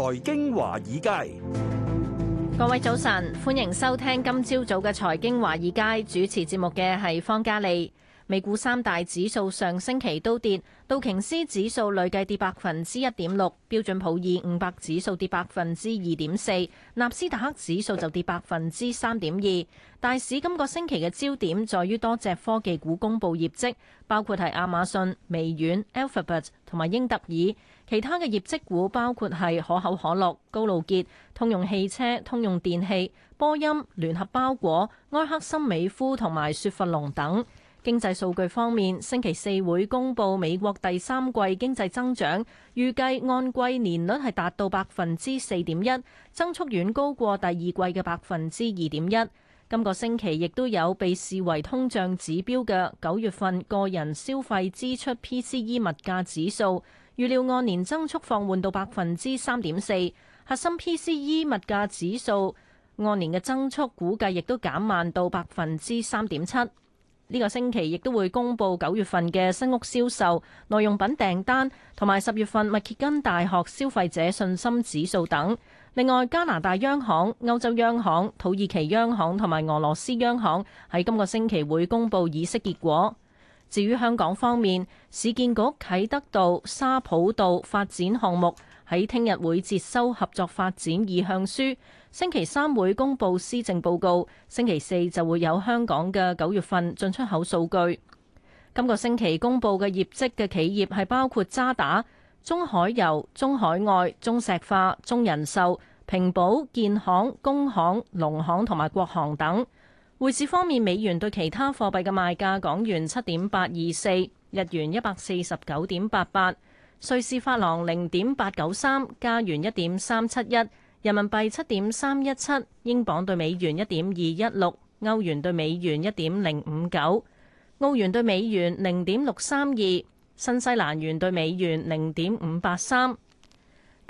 財經華爾街，各位早晨，歡迎收聽今朝早嘅財經華爾街主持節目嘅係方嘉利，美股三大指數上星期都跌，道瓊斯指數累計跌百分之一點六，標準普爾五百指數跌百分之二點四，納斯達克指數就跌百分之三點二。大市今個星期嘅焦點在於多隻科技股公佈業績，包括係亞馬遜、微軟、Alphabet 同埋英特爾。其他嘅業績股包括係可口可樂、高露潔、通用汽車、通用電器、波音、聯合包裹、埃克森美孚同埋雪佛龍等。經濟數據方面，星期四會公布美國第三季經濟增長，預計按季年率係達到百分之四點一，增速遠高過第二季嘅百分之二點一。今個星期亦都有被視為通脹指標嘅九月份個人消費支出 PCE 物價指數。預料按年增速放緩到百分之三點四，核心 PCE 物價指數按年嘅增速估計亦都減慢到百分之三點七。呢、這個星期亦都會公布九月份嘅新屋銷售、耐用品訂單同埋十月份密歇根大學消費者信心指數等。另外，加拿大央行、歐洲央行、土耳其央行同埋俄羅斯央行喺今個星期會公布議息結果。至於香港方面，市建局啟德道、沙浦道發展項目喺聽日會接收合作發展意向書，星期三會公布施政報告，星期四就會有香港嘅九月份進出口數據。今個星期公佈嘅業績嘅企業係包括渣打、中海油、中海外、中石化、中人壽、平保、建行、工行、農行同埋國行等。匯市方面，美元對其他貨幣嘅賣價：港元七點八二四，日元一百四十九點八八，瑞士法郎零點八九三，加元一點三七一，人民幣七點三一七，英鎊對美元一點二一六，歐元對美元一點零五九，澳元對美元零點六三二，新西蘭元對美元零點五八三。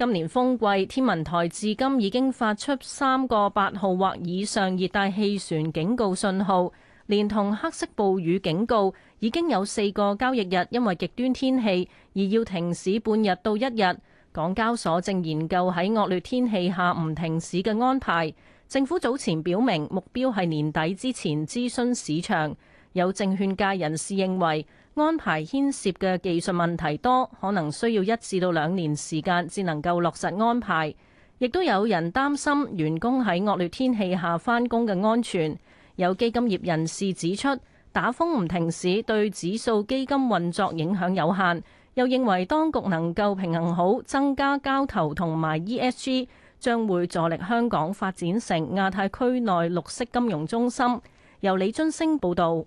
今年風季，天文台至今已經發出三個八號或以上熱帶氣旋警告信號，連同黑色暴雨警告，已經有四個交易日因為極端天氣而要停市半日到一日。港交所正研究喺惡劣天氣下唔停市嘅安排。政府早前表明目標係年底之前諮詢市場，有證券界人士認為。安排牽涉嘅技術問題多，可能需要一至到兩年時間至能夠落實安排。亦都有人擔心員工喺惡劣天氣下返工嘅安全。有基金業人士指出，打風唔停市對指數基金運作影響有限，又認為當局能夠平衡好增加交投同埋 ESG，將會助力香港發展成亞太區內綠色金融中心。由李津升報導。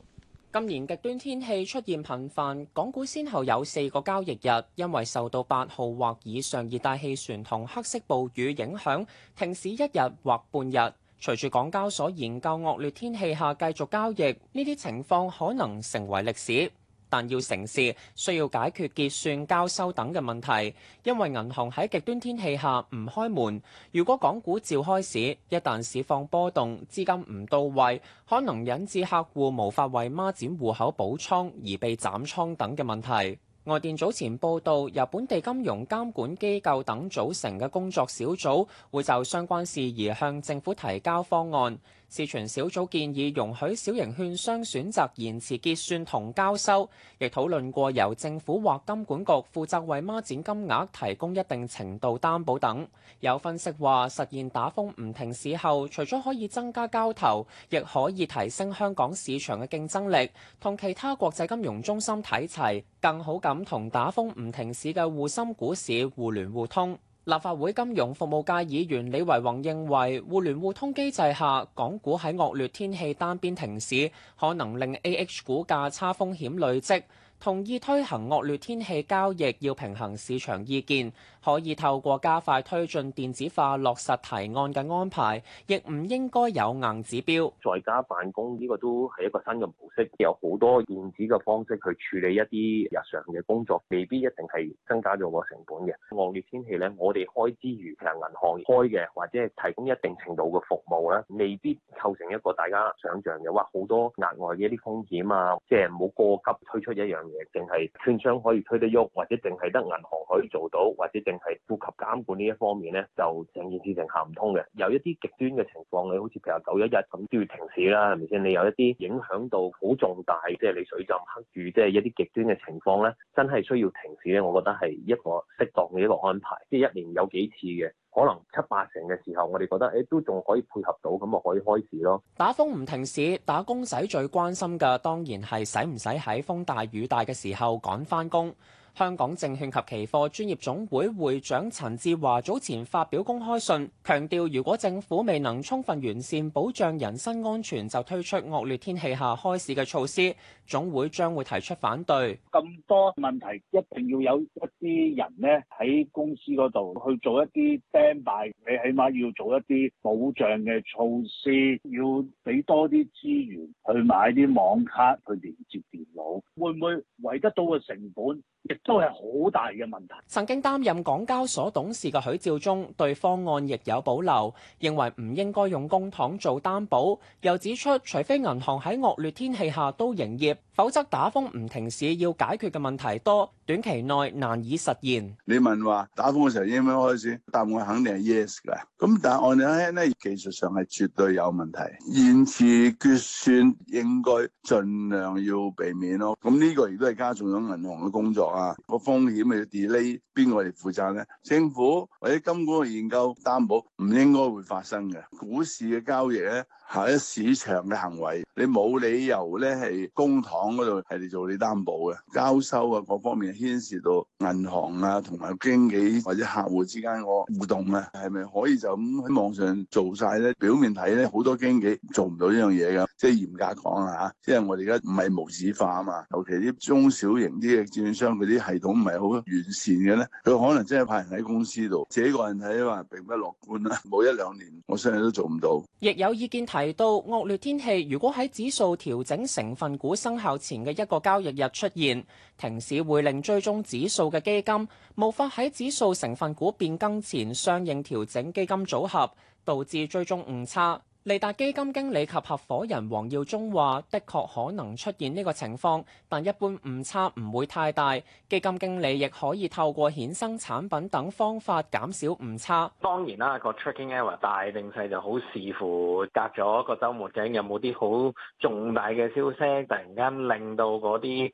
今年極端天氣出現頻繁，港股先後有四個交易日，因為受到八號或以上熱帶氣旋同黑色暴雨影響，停市一日或半日。隨住港交所研究惡劣天氣下繼續交易，呢啲情況可能成為歷史。但要成事，需要解決結算、交收等嘅問題，因為銀行喺極端天氣下唔開門。如果港股照開市，一旦市況波動，資金唔到位，可能引致客戶無法為孖展戶口補倉而被斬倉等嘅問題。外電早前報道，由本地金融監管機構等組成嘅工作小組會就相關事宜向政府提交方案。市前小組建議容許小型券商選擇延遲結算同交收，亦討論過由政府或金管局負責為孖展金額提供一定程度擔保等。有分析話，實現打風唔停市後，除咗可以增加交投，亦可以提升香港市場嘅競爭力，同其他國際金融中心睇齊，更好咁同打風唔停市嘅滬深股市互聯互通。立法會金融服務界議員李維宏認為，互聯互通機制下，港股喺惡劣天氣單邊停市，可能令 AH 股價差風險累積。同意推行惡劣天氣交易要平衡市場意見，可以透過加快推進電子化落實提案嘅安排，亦唔應該有硬指標。在家辦公呢個都係一個新嘅模式，有好多電子嘅方式去處理一啲日常嘅工作，未必一定係增加咗個成本嘅。惡劣天氣咧，我哋開之餘，其實銀行開嘅或者係提供一定程度嘅服務咧，未必構成一個大家想象嘅話好多額外嘅一啲風險啊，即係唔好過急推出一樣。淨係券商可以推得喐，或者淨係得銀行可以做到，或者淨係顧及監管呢一方面咧，就成件事情行唔通嘅。有一啲極端嘅情況，你好似譬如九一日咁都要停市啦，係咪先？你有一啲影響到好重大，即係你水浸黑雨，即係一啲極端嘅情況咧，真係需要停市咧。我覺得係一個適當嘅一個安排，即係一年有幾次嘅。可能七八成嘅時候，我哋覺得誒都仲可以配合到，咁就可以開始咯。打風唔停市，打工仔最關心嘅當然係使唔使喺風大雨大嘅時候趕翻工。香港證券及期貨專業總會會長陳志華早前發表公開信，強調如果政府未能充分完善保障人身安全，就推出惡劣天氣下開市嘅措施，總會將會提出反對。咁多問題一定要有一啲人咧喺公司嗰度去做一啲 standby，你起碼要做一啲保障嘅措施，要俾多啲資源去買啲網卡去連接電腦，會唔會為得到嘅成本？亦都係好大嘅問題。曾經擔任港交所董事嘅許照中對方案亦有保留，認為唔應該用公帑做擔保。又指出，除非銀行喺惡劣天氣下都營業，否則打風唔停市要解決嘅問題多，短期內難以實現。你問話打風嘅時候應唔應該開始？答案肯定係 yes 嘅。咁但係我諗呢，技術上係絕對有問題，現時決算應該盡量要避免咯。咁呢個亦都係加重咗銀行嘅工作。啊！個風險嘅 delay，邊個嚟負責咧？政府或者金管局研究擔保，唔應該會發生嘅。股市嘅交易咧，係市場嘅行為，你冇理由咧係公堂嗰度係你做你擔保嘅交收啊！各方面牽涉到銀行啊，同埋經紀或者客戶之間個互動啊，係咪可以就咁喺網上做晒咧？表面睇咧，好多經紀做唔到呢樣嘢嘅，即係嚴格講嚇、啊，即係我哋而家唔係無紙化啊嘛，尤其啲中小型啲嘅券商。啲系統唔係好完善嘅呢，佢可能真係派人喺公司度，自己一個人睇話，並不樂觀啦。冇一兩年，我相信都做唔到。亦有意見提到惡劣天氣，如果喺指數調整成分股生效前嘅一個交易日出現停市，會令追蹤指數嘅基金無法喺指數成分股變更前相應調整基金組合，導致追蹤誤差。利達基金經理及合夥人黃耀忠話，的確可能出現呢個情況，但一般誤差唔會太大。基金經理亦可以透過衍生產品等方法減少誤差。當然啦，個 tracking error 大定細就好視乎隔咗個周末嘅有冇啲好重大嘅消息，突然間令到嗰啲誒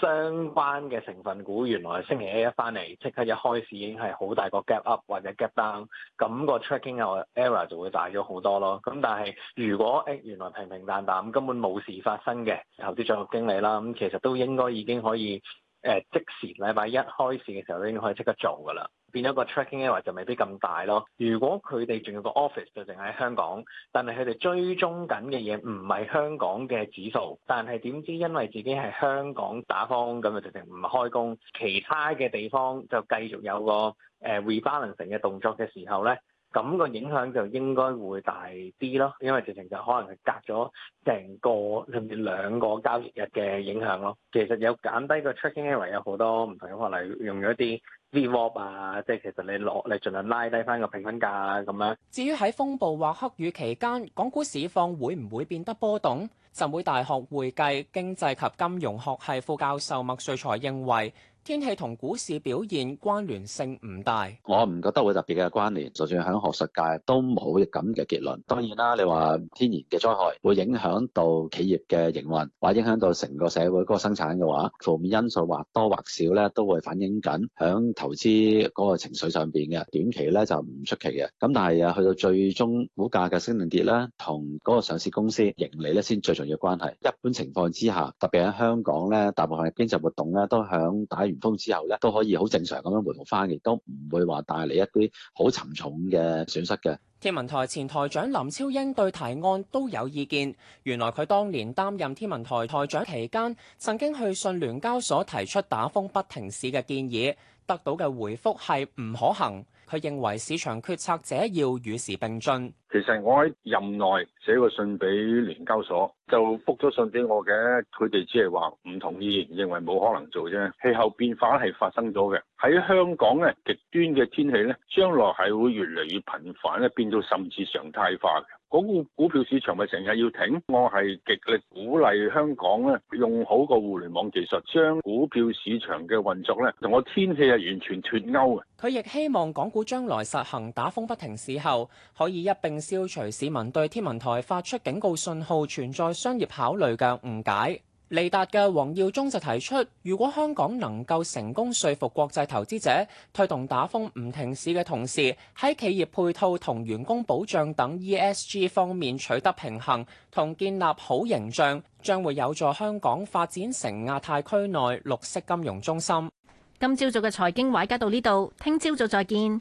相關嘅成分股原來星期一一翻嚟，即刻一開始已經係好大個 gap up 或者 gap down，咁個 tracking error 就會大咗好多咯。咁但係如果誒、欸、原來平平淡淡根本冇事發生嘅投資帳目經理啦，咁其實都應該已經可以誒、呃、即時咧，禮拜一開市嘅時候都應該可以即刻做噶啦，變咗個 tracking error 就未必咁大咯。如果佢哋仲有個 office 就淨喺香港，但係佢哋追蹤緊嘅嘢唔係香港嘅指數，但係點知因為自己係香港打風，咁就直情唔開工，其他嘅地方就繼續有個誒、呃、rebalancing 嘅動作嘅時候咧。咁個影響就應該會大啲咯，因為直情就可能係隔咗成個甚至兩個交易日嘅影響咯。其實有減低個 tracking error 有好多唔同嘅可能用咗啲 VWAP 啊，即係其實你攞你盡量拉低翻個平均價咁樣。至於喺風暴或黑雨期間，港股市況會唔會變得波動？浸會大學會計經濟及金融學系副教授麥瑞才認為。天氣同股市表現關聯性唔大，我唔覺得會特別嘅關聯。就算喺學術界都冇咁嘅結論。當然啦、啊，你話天然嘅災害會影響到企業嘅營運，或影響到成個社會嗰個生產嘅話，負面因素或多或少咧都會反映緊響投資嗰個情緒上邊嘅。短期咧就唔出奇嘅。咁但係啊，去到最終股價嘅升定跌咧，同嗰個上市公司盈利咧先最重要關係。一般情況之下，特別喺香港咧，大部分嘅經濟活動咧都響打完。通之後咧，都可以好正常咁樣回復翻，亦都唔會話帶嚟一啲好沉重嘅損失嘅。天文台前台長林超英對提案都有意見。原來佢當年擔任天文台台長期間，曾經去信聯交所提出打風不停市嘅建議，得到嘅回覆係唔可行。佢認為市場決策者要與時並進。其實我喺任內寫個信俾聯交所，就覆咗信俾我嘅。佢哋只係話唔同意，認為冇可能做啫。氣候變化咧係發生咗嘅，喺香港咧極端嘅天氣咧將來係會越嚟越頻繁咧，變到甚至常態化嘅。港股股票市場咪成日要停，我係極力鼓勵香港咧用好個互聯網技術將股票市場嘅運作咧同我天氣係完全脫鈎嘅。佢亦希望港股將來實行打風不停市後可以一併消除市民對天文台發出警告信號存在商業考慮嘅誤解。利達嘅黃耀忠就提出，如果香港能夠成功說服國際投資者，推動打風唔停市嘅同時，喺企業配套同員工保障等 ESG 方面取得平衡，同建立好形象，將會有助香港發展成亞太區內綠色金融中心。今朝早嘅財經華爾街到呢度，聽朝早再見。